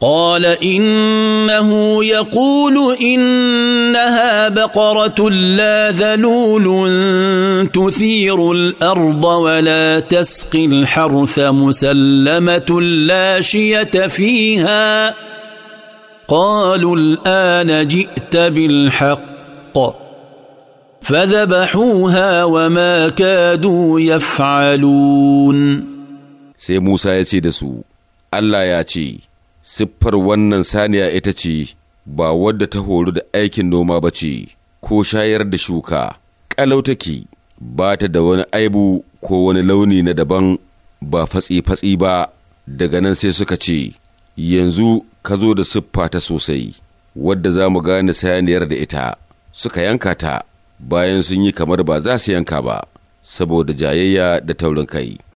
قال انه يقول انها بقره لا ذلول تثير الارض ولا تسقي الحرث مسلمه لا شيه فيها قالوا الان جئت بالحق فذبحوها وما كادوا يفعلون سي موسى يتي دسو الله ياتي siffar wannan saniya ita ce ba wadda ta horu da aikin noma ba ce ko shayar da shuka ƙalau take ba ta da wani aibu ko wani launi na daban ba fatsi-fatsi ba daga nan sai suka ce yanzu ka zo da siffa ta sosai wadda za mu gane saniyar da ita suka yanka ta bayan sun yi kamar ba za su yanka ba saboda jayayya da taurin kai